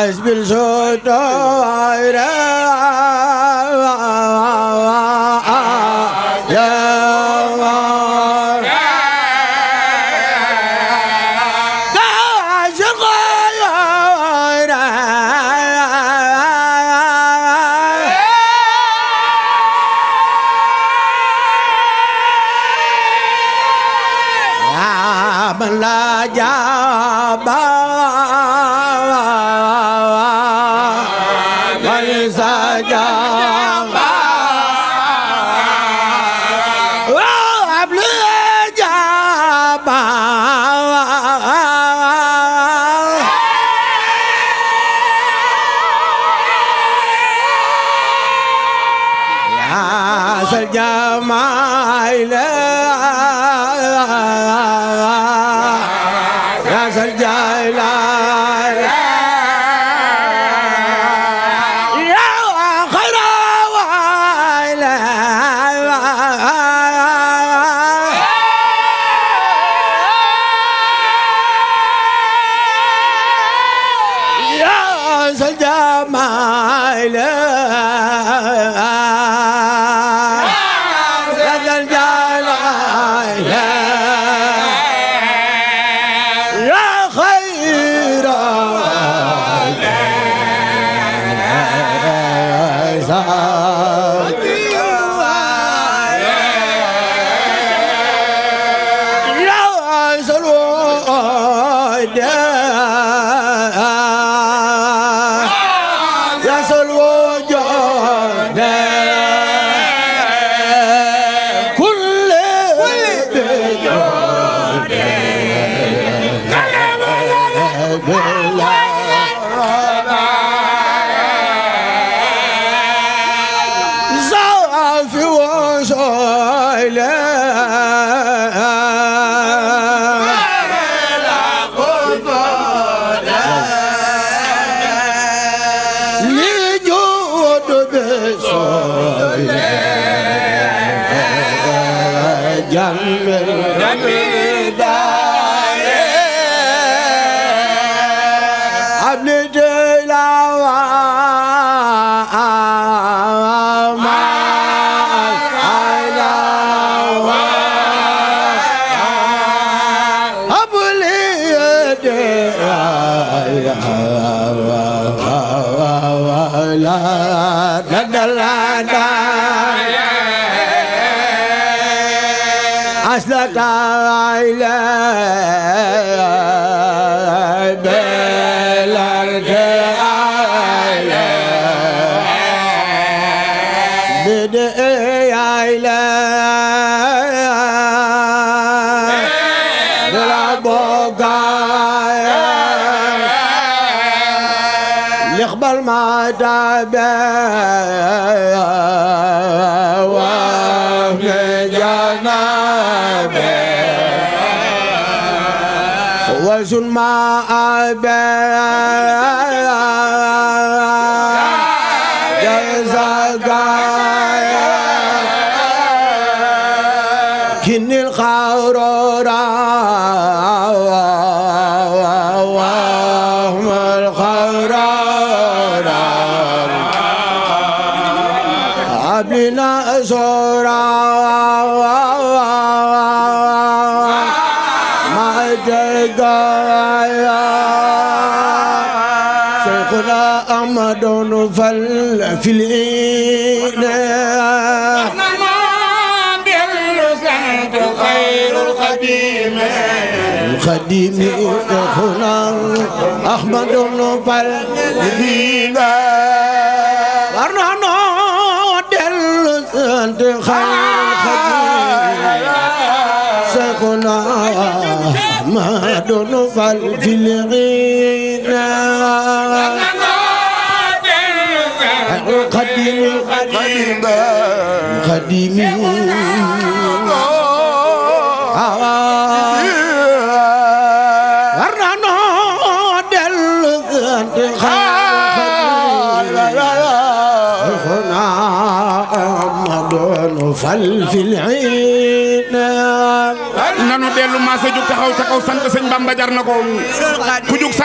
حسبي الشطار من لا جاء Yeah. جمل جمل داري عبد la la la aile belerde bir dedi aile ناس ما أبى جزاك الخرورة بنا زورا دون فل في الإيناء خير القديم القديم إخنا أحمد بن فالدينا ورنا دل سنت خير القديم سخنا أحمد بن فالدينا القديم القديم القديم ارنا fal fil nanu dellu maase jug taxaw taxaw sant sëñ Bamba jar na ko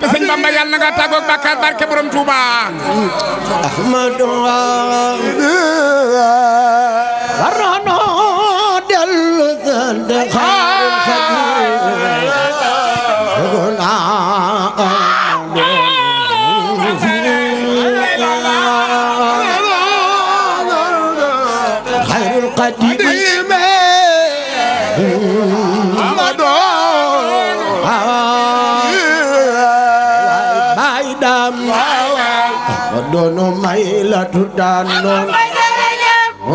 Bamba yàlla na nga tàggoog bàkkaar barke borom Touba ahmadu dam ma doonu may la tuddaan noon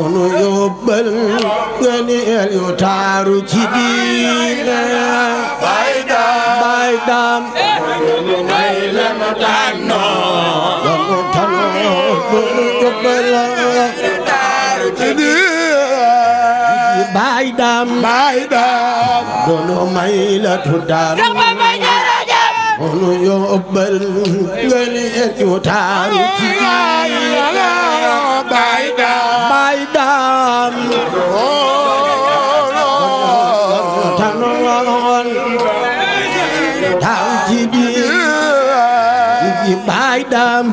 onu yóbbal ngani el yu taaru ci diine bay dam doonu taaru ci diine bay dam bay dam doonu onu yóbbal ngëneel yu taaru bay daam bay daam tanoon ci biir yi bay daam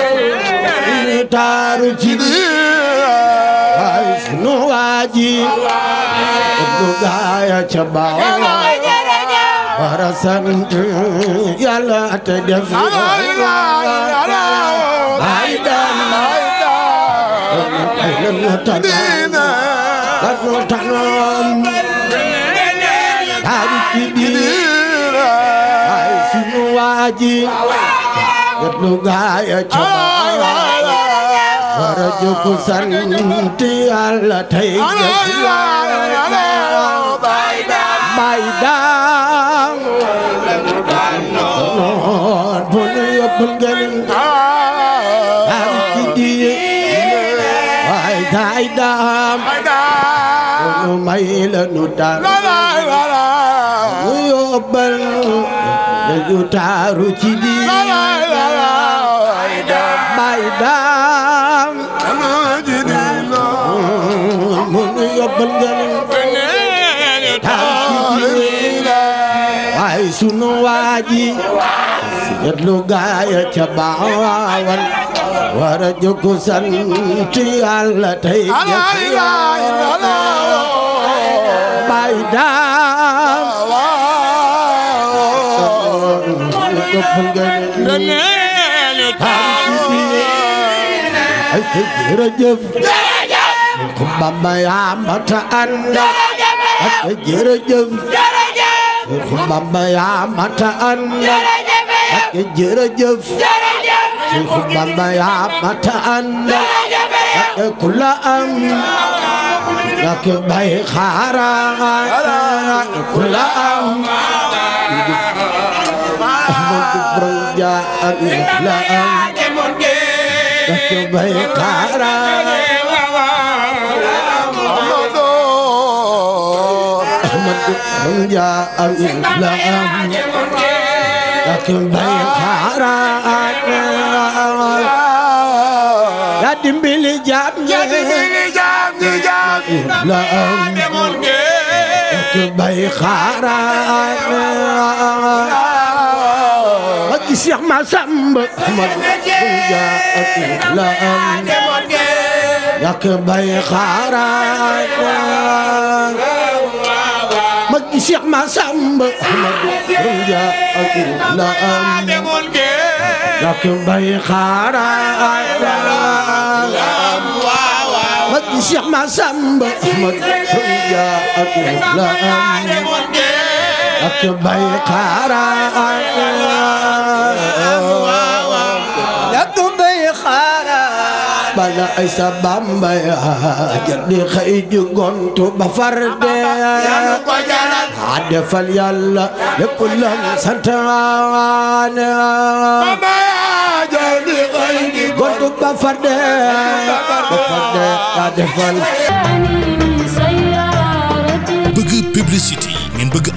taaru ci biir ay sunu waaji du gaaya ca baaw wara sant yàlla te def ay daan ay lan mu tanoon lan mu tanoon taaru ci biir ay sunu waaji du gaaya ca baaw war a jóg sant Yàlla tey bay daam noon bu nu yóbbul ngeen baam ci diye bay day daam nu may la nu daam nu yóbbal nu taaru ci diye ay sunu waaji siñet lu gaaya ca baawan wara jógu sant Yàlla tey bay daam ay jërëjëf Bamba yaa mata àndal. jërëjëf jërëjëf. jërëjëf. Bamba yaa mata àndal. jërëjëf. jërëjëf. Bamba yaa mata àndal. ku la am. rak bay xaaraa. ku la am. rak bay xaaraa. من جاء من لم لكن بين خارات يا دمبلي جام يا دمبلي جام جام لم لكن بين خارات مكي شيخ ما سمب من جاء من لم لكن بين خارات Cheikh Massamba ja ak la am dak bay xara mat Cheikh Massamba ja la am bay xara bana isa bamba ya jadi khayju gontu ba fal yalla ya santan bamba jadi khayju gontu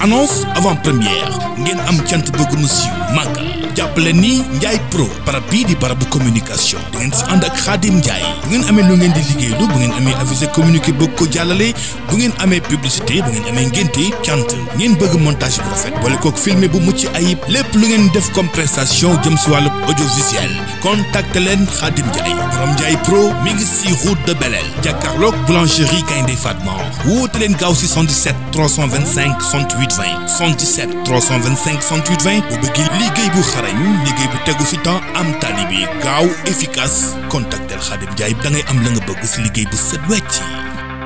annonce avant première ngeen am cant bëgg mu siiw jàpp leen ni Ndiaye Pro barab bii di barab bu communication da ngeen si ànd ak Khadim Ndiaye bu ngeen amee lu ngeen di liggéeylu bu ngeen amee avisé communiqué bëgg ko jàllale bu ngeen amee publicité bu ngeen amee ngénte cant ngeen bëgg montage bu boole kook filmé bu mucc ayib lépp lu ngeen def comme prestation si wàllu audiovisuel contacte leen Khadim Ndiaye borom Ndiaye Pro mi ngi si route de Belel jàkkaarloog boulangerie Gaynde Fatma woote leen gaaw si 77 325 68 20 77 325 68 bu bëgg liggéey bu liggéey bi tegu fi temps am tali bi gaaw efficace contactel Khadim Ndiaye da ngay am la nga bëgg si liggéey bu set wecc